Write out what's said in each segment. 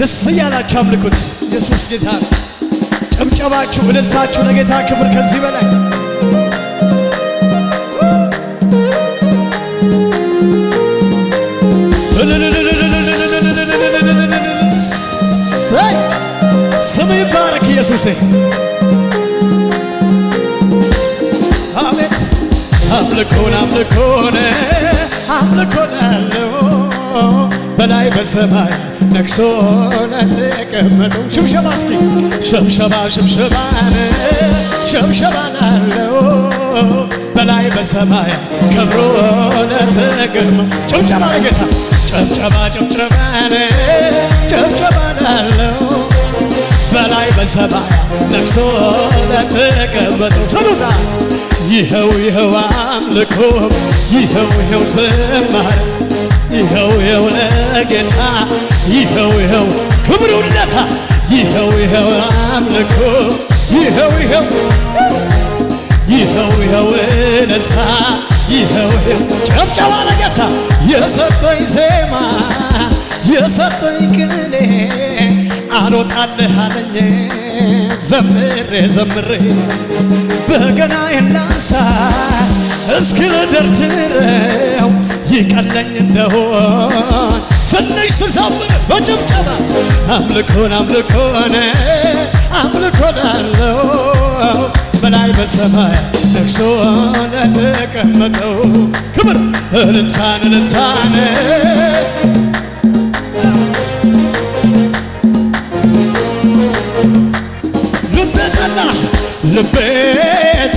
ደስ እያላችሁ አምልኩት። ኢየሱስ ጌታ ነው። ጨብጨባችሁ፣ እልልታችሁ ለጌታ ክብር ከዚህ በላይ ስም ይባረክ ኢየሱሴ አቤት አምልኮን አምልኮን አምልኮን አለው በላይ በሰማይ ነግሶ ለተቀመጠው ሽብሸባ እስኪ ሽብሸባ ሽብሸባ ሽብሸባ ላለው በላይ በሰማይ ከብሮ ለተቀመጠው ጨብጨባ ለጌታ ጭብጨባ ጭብጨባ ጭብጨባ ላለው በላይ በሰማይ ነግሶ ለተቀመጠው ሰሉታ ይኸው ይኸው አምልኮ ይኸው ይኸው ዝማሬ ይኸው ይኸው ለጌታ ይኸው ይኸው ክብሩ ለታ ይኸው ይኸው አምልኮ ይኸው ይኸው ይኸው ይኸው እልልታ ይኸው ይኸው ጨብጨባ ለጌታ የሰጠኝ ዜማ የሰጠኝ ቅኔ አልወጣልህ አለኝ ዘምሬ ዘምሬ በገናዬን ላንሳ እስኪ ልደርድረው ይቀለኝ እንደሆን ስዘምር በጭብጨባ አምልኮን አምልኮን አምልኮን አለው በላይ በሰማይ ነግሶ ለተቀመጠው ክብር እልልታን እልልታን ልቤ ጸና ልቤ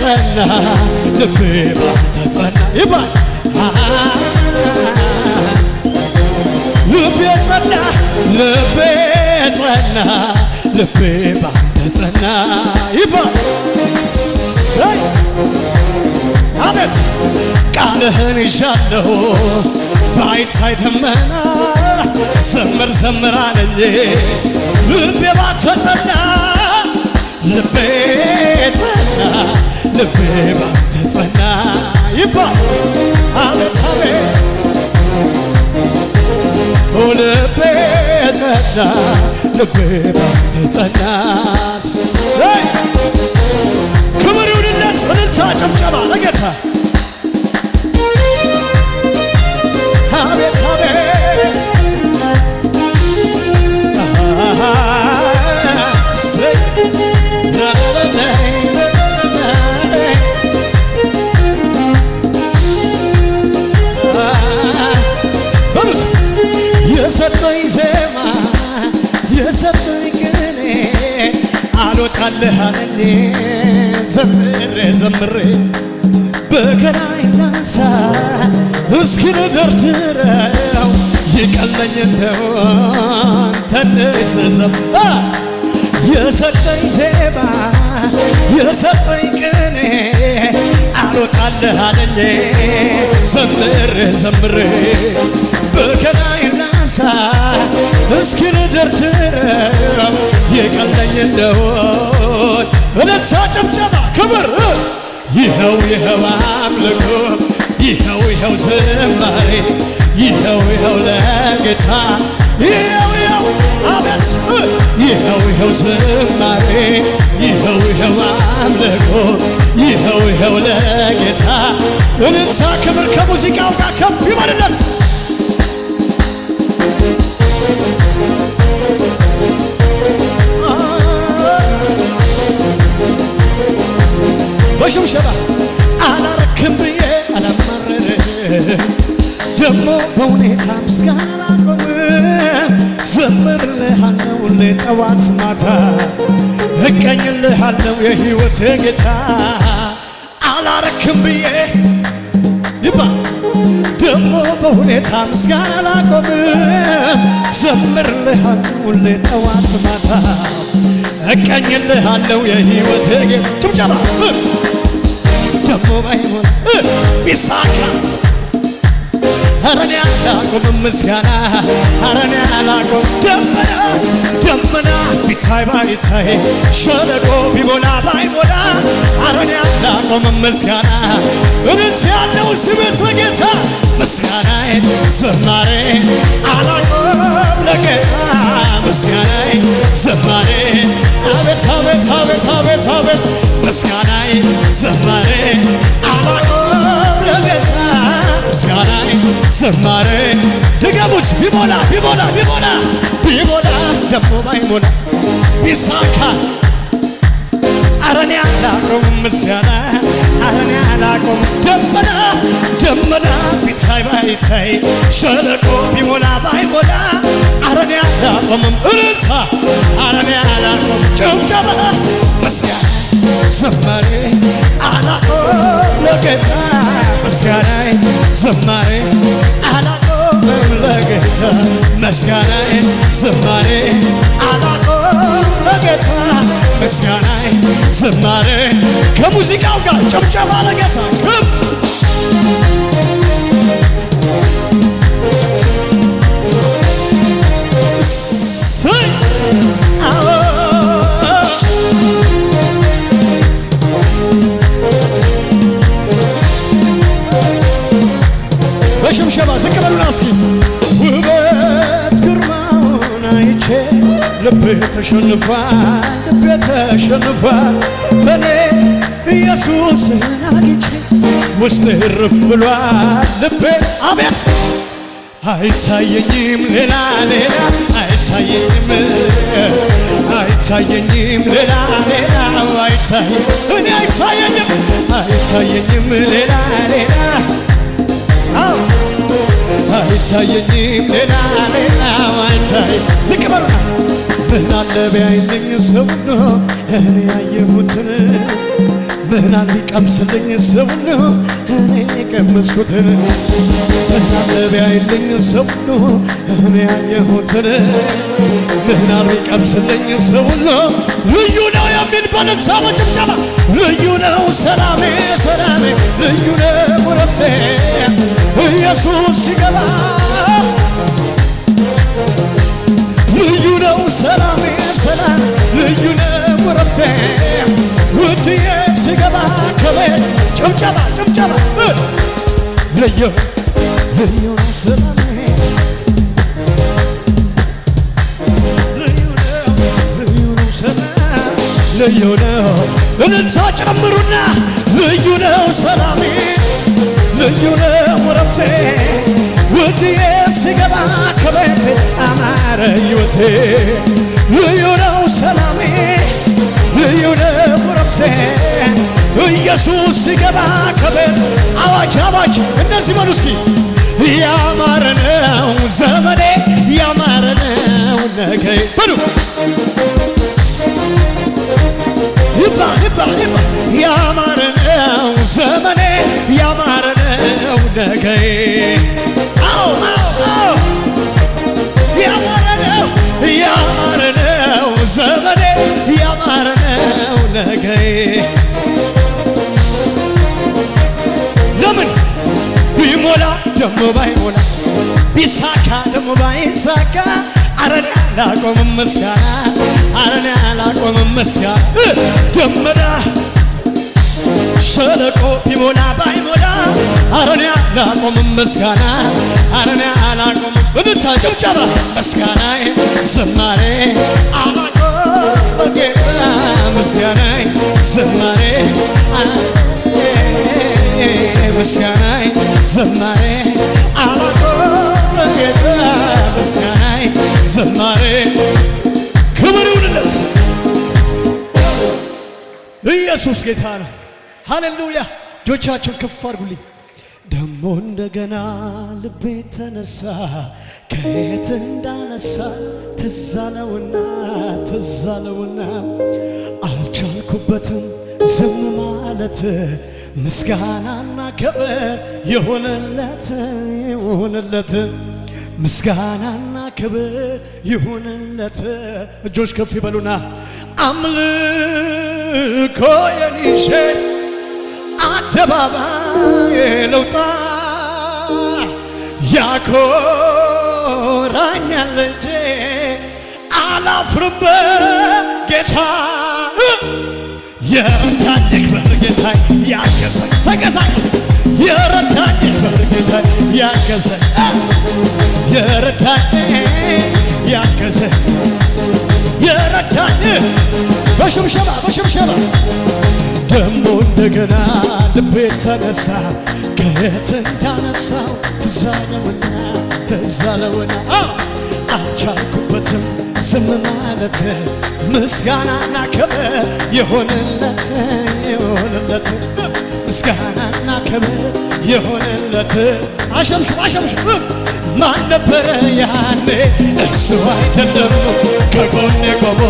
ጸና ልቤ ባንተ ጸና ይባል ልቤ ጸና፣ ልቤ ባንተ ጸና ይባል አቤት ቃልህን ይሻለሁ ባይታይ ደመና ዘምር ዘምር አለኝ ልቤ ባንተ ጸና፣ ልቤ ጸና፣ ልቤ ባንተ ጸና ይባል አቤት አቤት ልቤ የጸና ልብ ባንተ ጸና። ክብር ይሁንለት፣ እልልታ ጭብጨባ ለጌታ አለህ አለኝ ዘምሬ ዘምሬ በገናይ ላንሳ እስኪ ንደርድረው ይቀለኝ እንደሆን ትንሽ ስዘምር የሰጠኝ ዜማ የሰጠኝ ቅኔ አልወጣልህ አለኝ ዘምሬ ዘምሬ በገናይ ላንሳ እስኪ ንደርድረው ይቀለኝ እንደሆን አምልኮት እልልታ፣ ጭብጨባ፣ ክብር ይኸው ይኸው አምልኮ ይኸው ይኸው ዝማሬ ይኸው ይኸው ለጌታ ይኸው ይኸው አቤት ይኸው ይኸው ዝማሬ ይኸው ይኸው አምልኮ ይኸው ይኸው ለጌታ እልልታ፣ ክብር ከሙዚቃው ጋር ከፍ ይበልለት በሽምሸባ አላረክም ብዬ አላማረረ ደግሞ በሁኔታ ምስጋና ቆም ዘምርልሃለው ጠዋት ማታ እቀኝልሃለው የህይወት ጌታ አላረክም ብዬ ይባ ደግሞ በሁኔታ ምስጋና ላቆም ዘምርልሃለው ጠዋት ማታ እቀኝልሃለው የህይወት ጌታ ጭብጨባ ደግሞ ባይሆን ቢሳካ አረኔ አላቆምም ምስጋና አረኔ አላቆም ደመና ደመና ቢታይ ባይታይ ሸለቆ ቢሞላ ባይሞላ አረኔ አላቆምም ምስጋና እነት ያለው ስሜት በጌታ ምስጋናዬ ዝማሬ አላቆም ለጌታ ምስጋናዬ ዝማሬ አቤት አቤት አቤት አቤት አቤት ምስጋናዬ ዝማሬ አላቆም ለጌታ ምስጋናዬ ዝማሬ ድገሙት። ቢሞላ ቢሞላ ቢሞላ ቢሞላ ደግሞ ባይሞላ ቢሳካ አላቆም ምስጋና አሁን አላቆም ደመና ደመና ቢታይ ባይታይ ሸለቆ ቢሞላ ባይሞላ ጭብጨባ ምስጋና አላቆም ለጌታ ምስጋና አላቆም ለጌታ ምስጋና አላቆም ለጌታ ምስጋና ዝማሬ ከሙዚቃው ጋር ጨብጨባ ለጌታ ልቤ ተሸንፏል፣ ልቤ ተሸንፏል። በኔ ኢየሱስን አግኝቼ ውስጤ እርፍ ብሏል። ልቤ አቤት አይታየኝም ሌላ ሌላ አይታየኝም አይታየኝም ሌላ ሌላ እኔ አይታየኝም አይታየኝም ሌላ ሌላ አይታየኝም ሌላ ሌላ አይታይ ዝቅ በሉና ምናለ ቢያይልኝ ሰውነ እኔ ያየሁትን ምናል ቢቀምስልኝ ሰውነ እኔ የቀመስኩትን ምናለ ቢያይልኝ ሰውነ እኔ ያየሁትን ምናል ቢቀምስልኝ ሰውነ ልዩ ነው የሚል በልሳሞ ጭብጨባ ልዩ ነው ሰላሜ ሰላሜ ልዩ ነው ረፍቴ ኢየሱስ ሲገባ ሰላሜ ሰላም ልዩ ነው እረፍቴ ውድዬ ስገባ ከቤት ጭብጨባ ጭብጨባ ልዩ ልዩ ነው ልዩ ነው እልልታ ጨምሩና ልዩ ነው ሰላሜ ልዩ ነው እረፍቴ ውድዬ ስገባ ከቤቴ አማረ ሕይወቴ ልዩ ነው ሰላሜ ልዩ ነው ረፍቴ ኢየሱስ ስገባ ከቤት አዋጅ አዋጅ እንደዚህ በሉ እስኪ ያማረ ነው ዘመኔ ያማረ ነው ነገ በሉ ያማረ ነው ዘመኔ ያማረ ነው ነገ ያማረነው ያማረነው ዘመኔ ያማረነው ነገዬ ለምን ቢሞላ ደሞ ባይሞላ ቢሳካ ደሞ ባይሳካ አረኔ አላቆምም ምስጋና አረኔ አላቆምም ምስጋና ደመና ሸለቆ ቢሞላ ባይሞላ አረኔ አላቆምም ምስጋና አረኔ አላቆም ብብታ ጭብጨባ ምስጋናይ ዝማሬ አላቆ በጌታ ምስጋናይ ዝማሬ ምስጋናይ ዝማሬ በጌታ ዝማሬ ክብር ይሁንለት ኢየሱስ ጌታ ነው። ሃሌሉያ! እጆቻችሁን ከፍ አድርጉልኝ። ደሞ እንደገና ልቤ ተነሳ ከየት እንዳነሳ ትዛለውና ትዛለውና አልቻልኩበትም ዝም ማለት ምስጋናና ክብር ይሁንለት ይሁንለት ምስጋናና ክብር ይሁንለት። እጆች ከፍ ይበሉና አምልኮ የኒሼ አደባባይ ልውጣ ያኮራኛል እንጂ አላፍርም በጌታ የረታኝ በጌታ ያገዘ ተንቀሳቀስ የረታኝ በጌታ ያገዘ የረታኝ ያገዘ የረታኝ በሽብሸባ በሽብሸባ እንደገና ልቤ ተነሳ ከየት እንዳነሳው ትዛለውና ትዛለውና አልቻልኩበትም ዝም ማለት ምስጋናና ክብር የሆነለት የሆነለት ምስጋናና ክብር ማን ነበረ ያኔ እሱ አይደለም ከጎኔ ቆሞ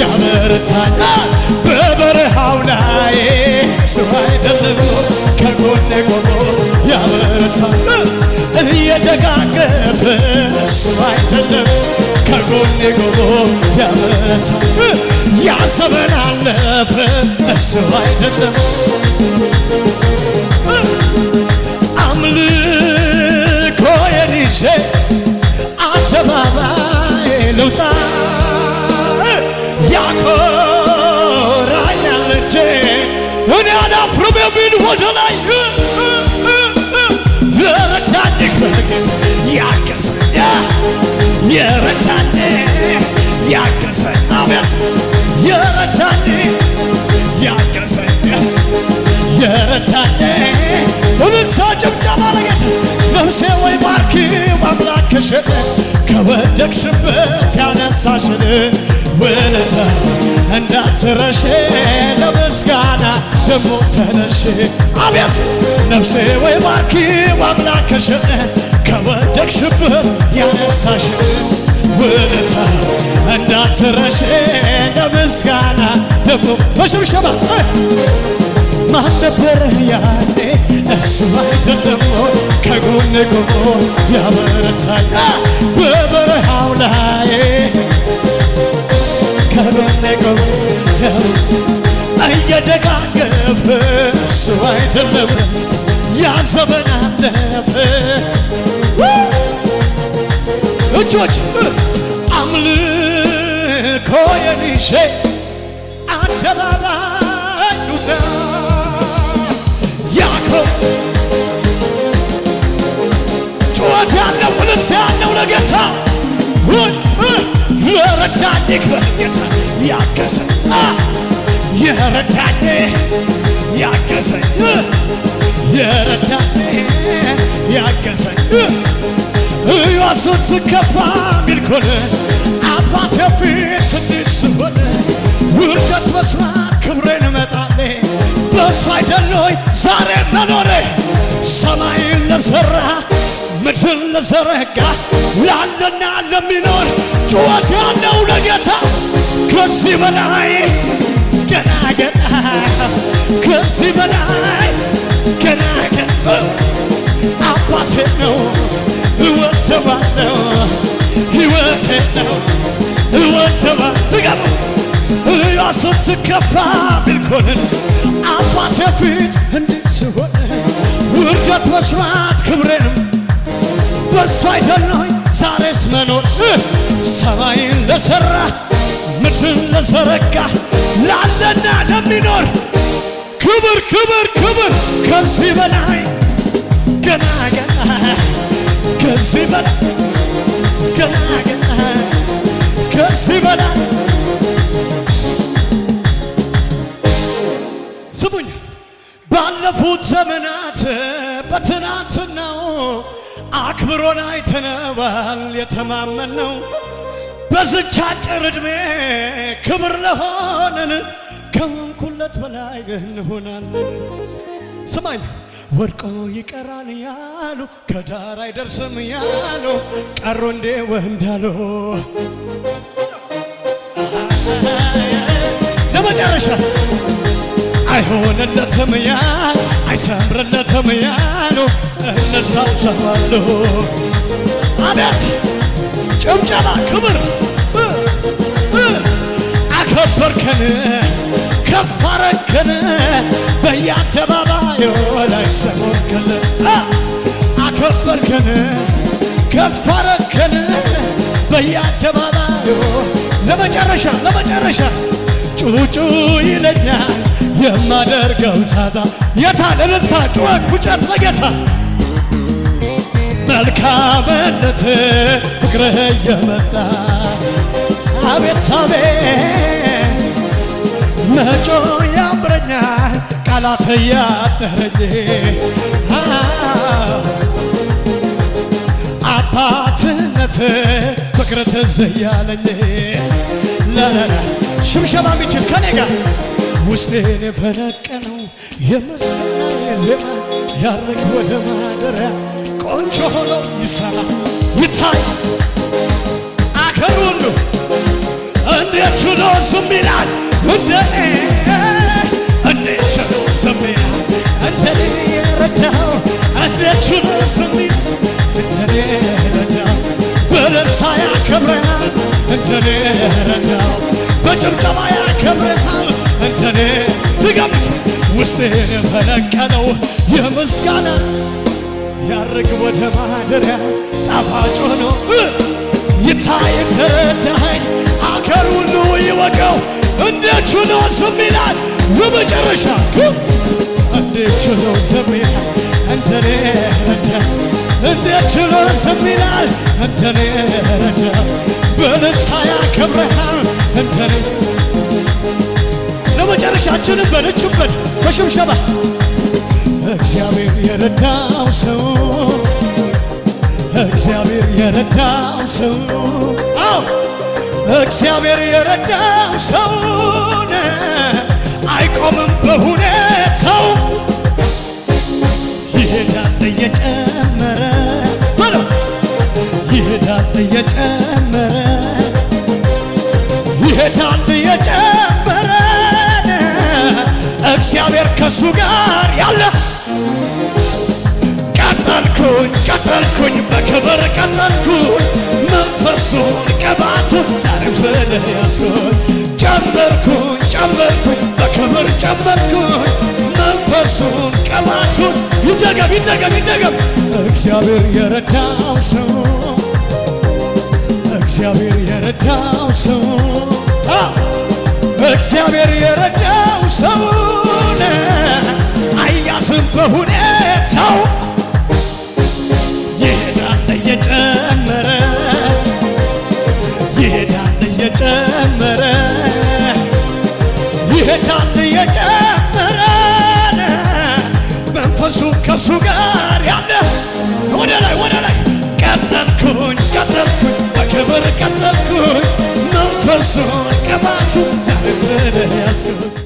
ያበረታኛል በበረሃው ላይ አንድ ዓመት ያሰበን አለፈ እሱ አይደለም ያስነክሽን ከወደቅሽበት ያነሳሽን ውለታ እንዳትረሽ ለምስጋና ደሞ ተነሽ አቤት ነፍሴ ወይ ባርኪ አምላክሽን ከወደቅሽበት ያነሳሽን ውለታ እንዳትረሽ ለምስጋና ደሞ በሽብሸባ ማን ነበረ ያኔ እሱ አንተ ደግሞ ከጎኔ ቆሞ ያበረታኛ በበረሃው ላይ ከጎኔ ቆሞ እየደጋገፈ እሱ አንተ መምረት እጆች አምልኮ የሚሼ አደባባይ ዩዳ እውነት ያለው እልልታ ያለው ለጌታ የረዳኝ ክበር ጌታ ያገሰ የረዳኝ ያገሰ የረዳኝ ያገሰ እያሱን አባት ፊት እንዲህ ስሆን ውርደት መስማት ክብሬን መጣሌ በሱ አይደለይ ዛሬ መኖሬ ሰማይን ለሠራ ምድር ለዘረጋ ላለና ለሚኖር ጩኸት ያለው ለጌታ ከዚህ በላይ ገና ገና ከዚህ በላይ ገና ገና አባቴ ነው እወደዋለሁ ሕይወቴ ነው እወደዋለሁ ድገሙ እያ ስትከፋ ቢልኮንን አባቴ ፊት እንዲህ አይደለሁኝ ዛሬስ መኖር ሰማይ እንደሰራ ምድር እንደዘረጋ ላለና ለሚኖር ክብር ክብር ክብር ከዚህ በላይ ገና ገና ከዚህ በላይ ገና ገና ከዚህ በላይ ስሙኝ ባለፉት ዘመናት በትናንትናው አክብሮን አይተነዋል የተማመን ነው በዝቻ አጭር እድሜ ክብር ለሆነን ከሆንኩለት በላይ እንሆናለን። ስማኝ ወድቆ ይቀራል ያሉ ከዳር አይደርስም ያሉ ቀሩ እንዴ ወንዳሉ ለመጨረሻ አይሆንለትም ያል አይሰምርለትም ያሉ እነሳው ሰማለሁ። አቤት ጭብጨባ ክብር አከበርከን ከፍ በየአደባባዩ ላይ አከበርከን በየአደባባዩ ለመጨረሻ ለመጨረሻ ውጩ ይለኛል የማደርገው ሳታ የታ ለልታ ጩኸት ፉጨት ለጌታ መልካምነት ፍቅርህ እየመጣ አቤት ሳቤ መጮ ያምረኛል ቃላት እያጠረኝ አባትነት ፍቅር ትዝ እያለኝ ሽብሸባ የሚችል ከኔ ጋር ውስጤን የፈነቀነው የምስጋና የዜማ ያረግ ወደ ማደሪያ ቆንጆ ሆኖ ይሰራ ይታይ አገር ሁሉ እንዴት ችሎ ዝም ይላል እንደ እንዴት ችሎ ዝም ይላል እንደኔ የረዳው እንዴት ችሎ ዝም ይላል እንደኔ የረዳው በደል ሳያከብረናል እንደኔ ረዳው በጭብጨባ ያከብርሃል እንደኔ ድገምት ውስጤ ፈለቀለው የምስጋና ያርግ ወደ ማደሪያ ጣፋጭ ሆኖ ይታይ እንደረዳኸኝ አገር ሁሉ ይወቀው እንደ ችሎ ዝም ይላል በመጨረሻ እንደ ችሎ ዝም ይላል እንደኔ ረዳ እንደ ዝም ይላል እንደኔ መሳያ ከብረሃል እንደኔ ለመጨረሻችንም በነቹበት በሽብሸባ እግዚአብሔር የረዳው ሰው እግዚአብሔር የረዳው ሰው አው እግዚአብሔር የረዳው ሰው አይቆምም በሁኔታው ይሄዳል እየጨመረ ይሄዳል እየጨመረ እግዚአብሔር ከሱ ጋር ያለ ቀጠልኩኝ ቀጠልኩኝ በክብር ቀጠልኩኝ መንፈሱን ቅባቱን ዛሬም ስለያሱን ጨመርኩኝ ጨመርኩኝ በክብር ጨመርኩኝ መንፈሱን ቅባቱን ይደገም ይደገም ይደገም እግዚአብሔር የረዳው ሰው እግዚአብሔር የረዳው ሰው እግዚአብሔር የረዳ ከእርሱ ጋር ያለ ወደ ላይ ወደ ላይ ቀጠልኩኝ ቀጠልኩኝ በክብር ቀጠልኩኝ መንፈሱ ቀባሱ ዘንዘለ ያስኩ